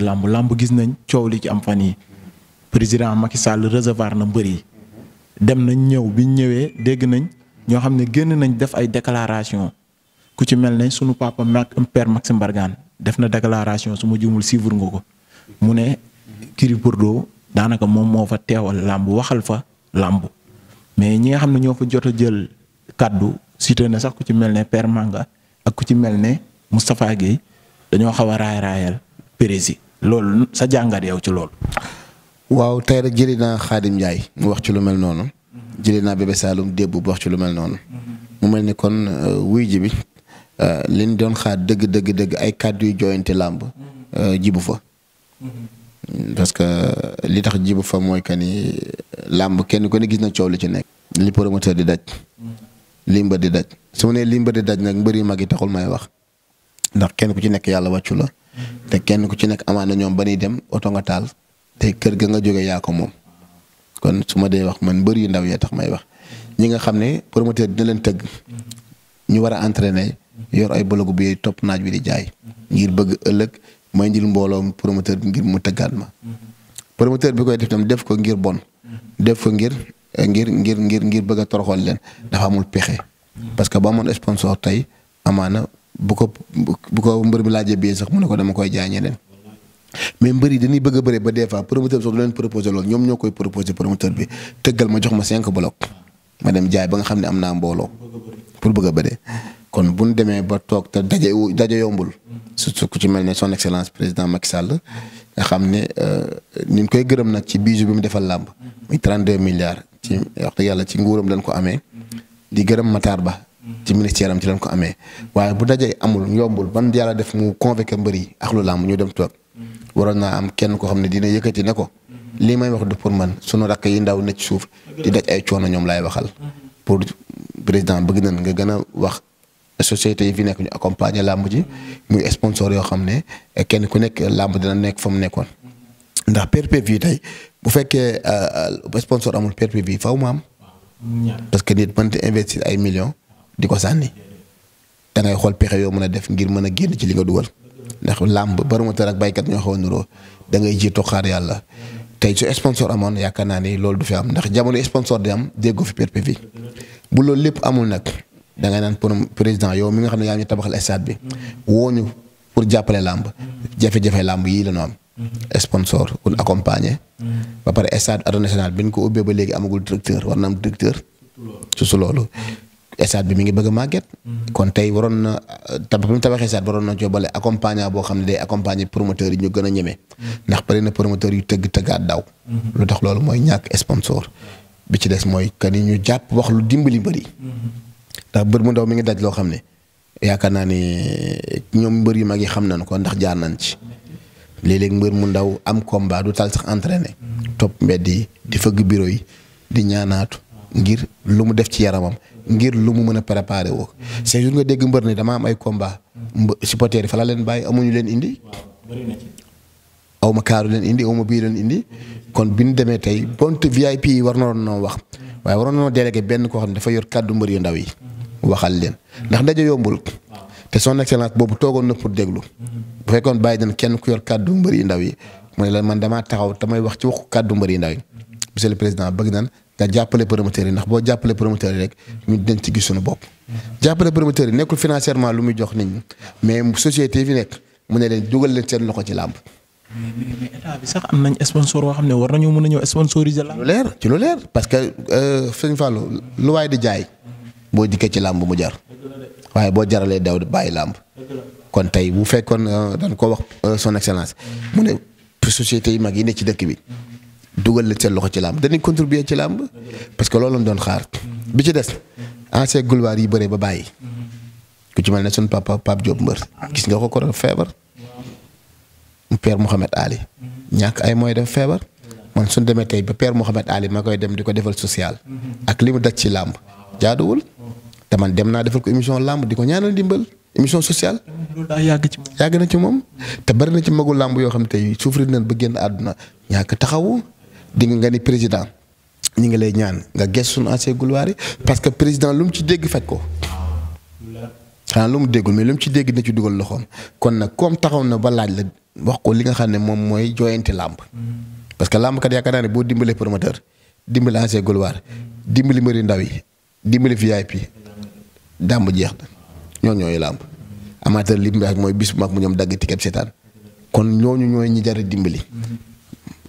làmb làmb gis nañ coow li ci am fan yi président Macky Sall recevoir na mbër yi dem nañ ñëw biñ ñëwee dégg nañ ñoo xam ne génn nañ def ay déclaration ku ci mel ne sunu papa Mac père Maxime Bargane def na déclaration suma ma jumul suivre nga ko mu ne Gris Bordeaux daanaka moom moo fa teewal làmb waxal fa làmb mais ñi nga xam ne ñoo fa jot a jël kàddu cité na sax ku ci mel ne per Manga ak ku ci mel ne Moustapha Guèye dañoo xaw a raay raayal prési loolu sa jàngat yow ci loolu. waaw tey rek jëli naa Xaadim Ndiaye mu wax ci lu mel noonu. jëli naa Bébé Saloum débb bu wax ci lu mel noonu. mu mel ni kon euh, wuy ji bi euh, li ñu doon xaar dëgg dëgg dëgg ay kàddu yu jooyante làmb euh, jibu fa. parce que li tax jibu fa mooy que ni làmb kenn ku ne gis na coow li ci nekk. li promoteur di daj. li mbër di daj su ma nee li mbër di daj nag mbër yu mag yi taxul may wax ndax kenn ku ci nekk yàlla wàccu la. te kenn ku ci nekk amaan na ñoom ba ñuy dem oto nga taal te kër ga nga jógee yaa ko moom kon su ma dee wax man mbër yu ndaw yee tax may wax ñi nga xam ne promoteur dina leen tëgg ñu war a entraîner yor ay bologu bi topp naaj bi di jaay ngir bëgg ëllëg may njël mbooloom bi ngir mu tëggaat ma promoteur bi koy def tam def ko ngir bon def ko ngir ngir ngir ngir ngir bëgg a toroxool leen dafa amul pexe parce que ba amoon sponsor tey amaana bu ko bu ko mbër mi laajee bii sax mu ne ko dama koy jaañee dem mais mbër yi bëgg a bëre ba des fois promoteur bi sax du leen proposé loolu ñoom ñoo koy proposé promoteur bi tëggal ma jox ma cinq bloc ma dem jaay ba nga xam ne am naa mbooloo pour bëgg a bëre kon bu ñu demee ba toog te daje daje yombul su ku ci mel ne son excellence président Macky Sall nga xam ne euh, ñu ngi koy gërëm nag ci bisu bi mu defal làmb muy 32 milliards ci yàlla ci nguuram lañ ko amee di gërëm Matar Ba ci ministère am ci lañ ko amee waaye bu dajee amul yombul ban yàlla def mu convoqué mbër yi ak lu làmb ñu dem toog waroon naa am kenn koo xam ne dina yëkkati ne ko lii may wax du pour man sunu rakk yi ndaw na ci suuf di daj ay coono ñoom laay waxal pour président bëgg nañ nga gën a wax société yi fi nekk ñu accompagner làmb ji muy sponsor yoo xam ne kenn ku nekk làmb dina nekk fa mu nekkoon ndax PPV tey bu fekkee euh, sponsor amul PPV faw mu am di ko sànni da ngay xool pexe yoo mën a def ngir mën a génn ci li nga dugal ndax làmb promoteur ak baykat ñoo xaw a nuroo da ngay jiitu xaar yàlla tey su sponsor amoon yaakaar naa ni loolu du fi am ndax jamono sponsor di am déggoo fi perpévi bu loolu lépp amul nag da ngay naan pour président yow mi nga xam ne yaa ñu tabaxal stade bi woo ñu pour jàppale làmb jafe-jafe làmb yii la ñu am. sponsor pour accompagner. ba pare stade international bi ñu ko ba léegi amagul directeur war stade bi mi ngi bëgg a màgget. Mhm. kon tey waroon na tabax bi mu tabaxee stade waroon na jobale accompagnant boo xam ne day accompagner promoteur yi ñu gën a ñeme. Mhm. ndax bari na promoteur yu tëgg tëggaat daw. Mhm. lu tax loolu mooy ñàkk sponsor. bi ci des mooy que ni ñu jàpp wax lu dimbali mbër yi. ndax mbër mu ndaw mi ngi daj loo xam ne yaakaar naa ne ñoom mbër yi mag yi xam nañu ko ndax jaar nañ ci. léeg-léeg mbër mu ndaw am combat du tal sax entraîné. topp mbedd yi di fëgg bureau yi di ñaanaatu. ngir lu mu def ci yaramam ngir lu mu mën a préparer woo c'est nga dégg mbër ne dama am ay combat supporter yi fa la leen bàyyi amuñu leen indi aw ma kaaru leen indi aw ma bii leen indi kon bi ñu demee tey bonte VIP yi war na noo wax waaye waroon na noo benn koo xam ne dafa yor kàddu mbër yu ndaw yi waxal leen ndax ndaje yombul te son excellence boobu toogoon na pour déglu bu fekkoon bàyyi kenn ku yor kàddu mbër yu ndaw yi mu ne la man damaa taxaw damay wax ci waxu kàddu mbër yu ndaw yi monsieur le président bëgg na daa jàppale promoteurs yi ndax boo jàppale promoteurs yi rek dañ ci gis suñu bopp. jàppale promoteurs yi nekkul financièrement lu muy jox nit ñi mais société fi nekk mu ne leen dugal leen seen loxo ci làmb. mais mais sax am nañ sponsor boo xam ne war nañoo mun a ñëw sponsoriser làmb. lu leer ci lu leer parce que euh, sëñ Fallou lu waaye di jaay. boo dikkee ci làmb mu jar. waaye boo jaralee daw di bàyyi làmb. kon tey bu fekkoon euh, dañ ko wax euh, son excellence. mu ne société yu mag yi ne ci dëkk bi. dugal la seen loxo ci làmb danañ contribuer ci làmb parce que loolu lañ doon xaar bi ci des ancien gloire yi bëree ba bàyyi ku ci mel ne suñ papa Pape Diop mbër gis nga ko ko feebar père Mouhamed Ali ñàkk ay mooy def feebar man suñ demee tey ba père Mouhamed Ali ma koy dem di ko defal social ak li mu daj ci làmb jaaduwul te man dem naa defal ko émission làmb di ko ñaanal dimbal émission sociale. loolu yàgg ci moom. na ci moom te bari na ci magu làmb yoo xam tey souffrir nañ ba génn àdduna ñàkk taxawu. di nga ni président ñi ngi lay ñaan nga gestu suñu ancien gloire yi parce que président lu mu ci dégg faj ko. xanaa lu mu déggul mais lu mu ci dégg na ci dugal loxoom kon nag comme taxaw na ba laaj la wax ko li nga xam ne moom mooy jooyanti làmb. parce que làmb kat yaakaar naa ne boo dimbalee promoteur dimbali ancien gloire dimbali mbëri ndaw yi dimbali VIP dàmb jeex na ñoo ñooy làmb. amateur li ak mooy bis bu mag mu ñoom dagg ticket seetaan kon ñooñu ñooy ñi jar dimbali.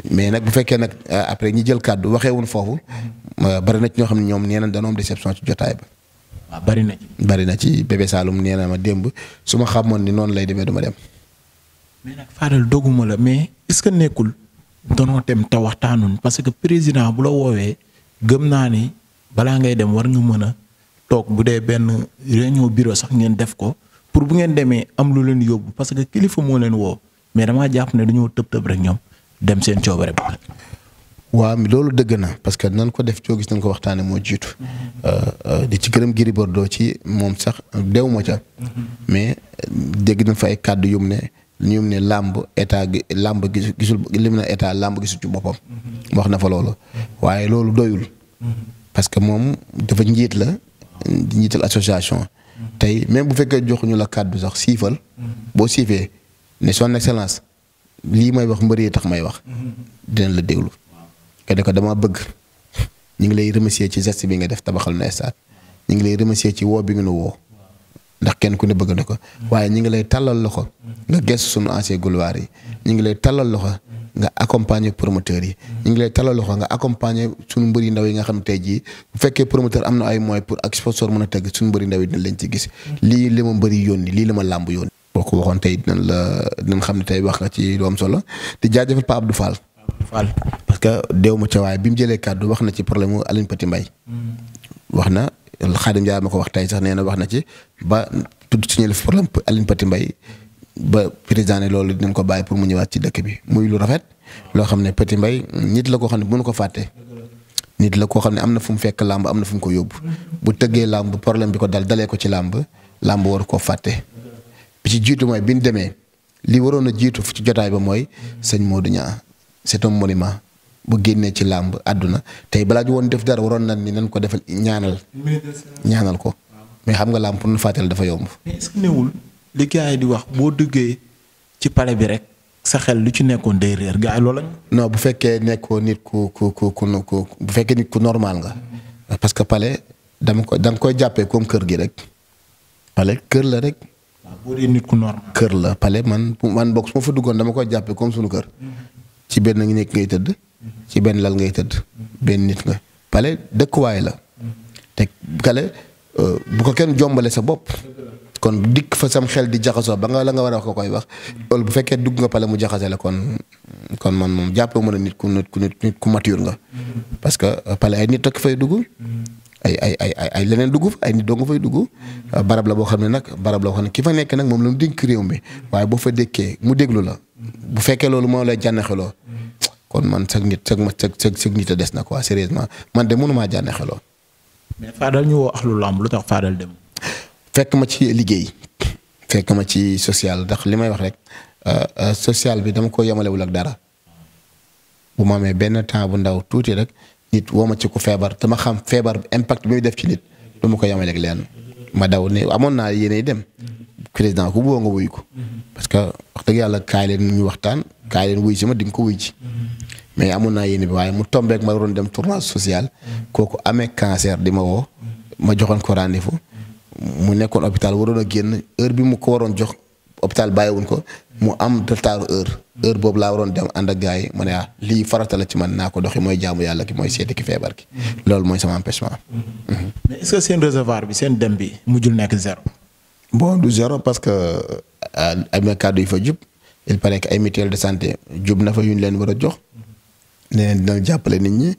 mais nag bu fekkee nag euh, après ñi jël kàddu waxee waxeewuñ foofu euh, bari na ci ñoo xam ne ñoom nee nañ dañoo am déception ci jotaay ba. waaw bari na ci. bari na ci bébé nee na ma démb su ma xamoon ni noonu lay demee du dem. mais nag Fadel dogguma la mais est-ce que nekkul. danoo dem te waxtaanoon parce que président bu la woowee gëm naa ni balaa ngay dem war nga mën a toog bu dee benn réunion bureau sax ngeen def ko pour bu ngeen demee am lu leen yóbbu parce que kilifa moo leen woo mais damaa jàpp ne dañoo tëb tëb rek ñoom. dem seen coobare bopp. waaw loolu dëgg na parce que nan ko def coo gis nañ ko waxtaanee moo jiitu. Euh, di ci gërëm Gris ci moom sax dew ma ca. mais dégg na fa ay kàddu yum ne ñum ne làmb état gi làmb gisul lim na état làmb gisul ci boppam. wax na fa loolu. waaye loolu doyul. parce que moom dafa njiit la. njiital association. tey même bu fekkee joxuñu la kàddu sax siifal. boo siifee ne son excellence. lii may wax mbëri tax may wax dinañ la déglu nga ne ko dama bëgg ñu ngi lay remercier ci geste bi nga def tabaxal na stade ñu ngi lay remercier ci woo bi nga nu woo ndax kenn ku ne bëgg na ko waaye ñu ngi lay tàllal loxo nga gestu sunu ancien gloire yi ñu ngi lay tàllal loxo nga accompagner promoteur yi ñu ngi lay tàllal loxo nga accompagner sunu mbëri ndaw yi nga xam ne tey jii bu fekkee promoteur am na ay moyens pour ak sponsor mën a teg sunu mbëri ndaw yi dina leen ci gis lii li ma mbëri yónni lii la ma làmb yónni boo ko waxoon tey dinañ la dinañ xam ne tey wax nga ci lu am solo di jaajëfal Pape Abdou Fall. Fall parce que deewu ma ca waaye bi mu jëlee kàddu wax na ci problème mu Aline Petit mm. na Xaadim Ndiaye ma ko wax tey sax nee na wax na ci ba tudd suñu def problème Aline ba président ne loolu dinañ ko bàyyi pour mu ñëwaat ci dëkk bi muy lu rafet loo xam ne Petit Mbaye nit la koo xam ne mënu ko fàtte. nit la ko xam ne am na fu mu fekk làmb am na fu ko yóbbu bu tëggee làmb problème bi ko dal dalee ko ci làmb làmb war koo fàtte bi ci jiitu mooy bi ñu demee lii waroon a jiitu ci jotaay ba mooy sëñ moo Niang c'est un monument bu génnee ci làmb àdduna tey balaa ñu woon def dara waroon na ni nan ko defal ñaanal. ñaanal ko. mais xam nga làmb pour nu fàttali dafa yomb. mais li gars di wax boo duggee ci pale bi rek sa xel lu ci nekkoon day réer gars bu fekkee nekkoo nit ku ku bu fekkee nit normal nga. parce que pale dama ko da nga koy jàppee comme kër gi rek. pale kër la rek. Ah, boo ku normal. kër la pale man man bokk su ma fa duggoon dama koy jàppe comme suñu kër. Mm-hmm. ci benn ngi nekk ngay tëdd. Mm-hmm. ci benn lal ngay tëdd. Mm-hmm. benn nit nga pale dëkkuwaay la. te kale euh, bu ko kenn jombale sa bopp. kon dikk fa sam xel di jaxasoo ba nga la nga war a wax ko koy wax. loolu bu fekkee dugg nga pale mu jaxase la kon man moom jàppee mën a nit ku nit ku nit ku mature nga. parce euh, pale ay nit rek fay dugg. ay ay ay ay ay leneen dugg fa ay nit dong fay dugg euh, barab la boo xam ne nag barab la boo xam ne ki fa nekk nag moom la mu dénk réew mi waaye boo fa dékkee mu déglu la bu fekkee loolu moo lay jànnaxeloo kon man sag nit ma sag sag sag des na quoi sérieusement man de mënumaa jànnaxeloo. mais Fadal ñu woo axlu lamb lu tax Fadal dem. fekk ma ci liggéey fekk ma ci social ndax li may wax rek euh, euh, social bi dama ko yemalewul ak dara bu ma amee benn temps bu ndaw tuuti rek nit woo ma ci ku feebar te ma xam feebar impact bi muy def ci nit du ma ko yemaleeg lenn ma daw ne amoon naa yéenay dem président ku boo nga wuyu ko parce que wax yàlla kaay leen ñu waxtaan kaay leen wuyu si ma di nga ko wuyu ci mais amoon naa yéene bi waaye mu tombeek ma waroon dem tournage social kooku amee cancer di ma woo ma joxoon ko rendez mu nekkoon hôpital waroon a génn heure bi mu ko waroon jox hôpital wuñ ko mu am retard heure heure boobu laa waroon dem ànd a gars yi ma ne ah lii farata la ci man naa ko doxi mooy jaamu yàlla ki mooy seeti ki feebar ki loolu mooy sama empêchement. Mhm. mais est-ce que bi seen dem bi jul nekk zéro. boo du zéro parce que euh, ay na kàddu yu fa jub il paraît que ay mutuelle de santé jub na fa yu ñu leen war a jox. nee nañ dina jàppale nit ñi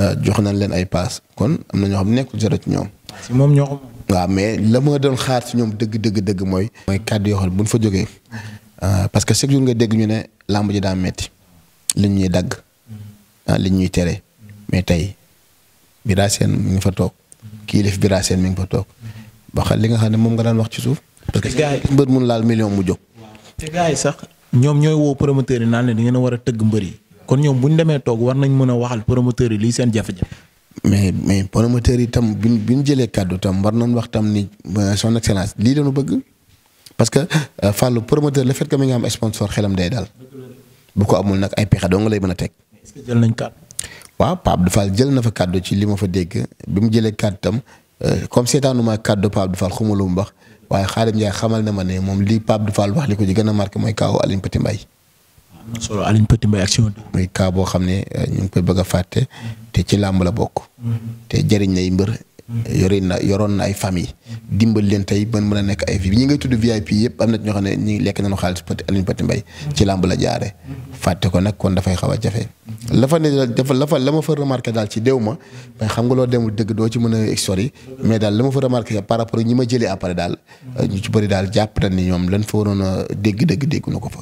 euh, jox nañ leen ay paas kon am na ñoo xam ne nekkul zéro ci ñoom. si moom ñoo ko waaw mais la moo doon xaar si ñoom dëgg dëgg dëgg mooy. mooy kàddu yoo xam bu ñu fa jógee. Euh, parce que chaque jour nga dégg ñu ne làmb ji daa metti liñ ñuy dagg. Ah, li liñ ñuy tere. mais tey Bira mu mi ngi fa toog. kilif Bira Sène mi ngi fa toog. ba xam li nga xam ne moom nga daan wax ci suuf. parce que gars yi mbër mun laal million mu jóg. te gars yi sax ñoom ñooy woo promoteurs yi naan ne da ngeen a war a tëgg mbër yi. kon ñoom bu ñu demee toog war nañ mën a waxal promoteurs yi lii seen jafe mais mais promoteur yi tam bi bi ñu jëlee kàddu tam war nañ wax tam ni euh, son excellence lii dañu bëgg parce que euh, Fallou promoteur le fait que mi nga am sponsor xelam day daal bu ko amul nag ay pexe doo nga lay mën a teg. est nañ kàddu. waaw Pape Abdou Fall jël na fa kàddu ci li ma fa dégg bi mu jëlee kàddu tam euh, comme seetaanuma kàddu Pape Abdou Fall xamuma lu wax waaye Xaadim Ndiaye xamal na ma ne moom lii Pape Abdou Fall wax li ko ci gën a marqué mooy kaw Alioune Petit Mbaye solo Alioune Petit Mbaye action. muy cas boo xam ne euh, ñu ngi koy bëgg fàtte. te ci làmb la bokk. Mm-hmm. te jëriñ lay mbër. Mm-hmm. yore na yoroon na ay famille mm-hmm. dimbal leen tey ban mën a nekk ay vie ñi ngay tudd VIP yëpp am na ñoo xam ne ñi lekk nañu xaalis Petit Alioune Petit Mbaye ci làmb la jaare fàtte ko nag kon dafay xaw a jafe la fa ne dafa la fa la ma fa remarqué daal ci déw ma mais xam nga loo demul dëgg doo ci mën a histoire mais daal la ma fa remarqué par rapport ñi ma jëlee après daal ñu ci bëri daal jàpp na ñoom lan fa waroon dégg-dégg dégg na ko fa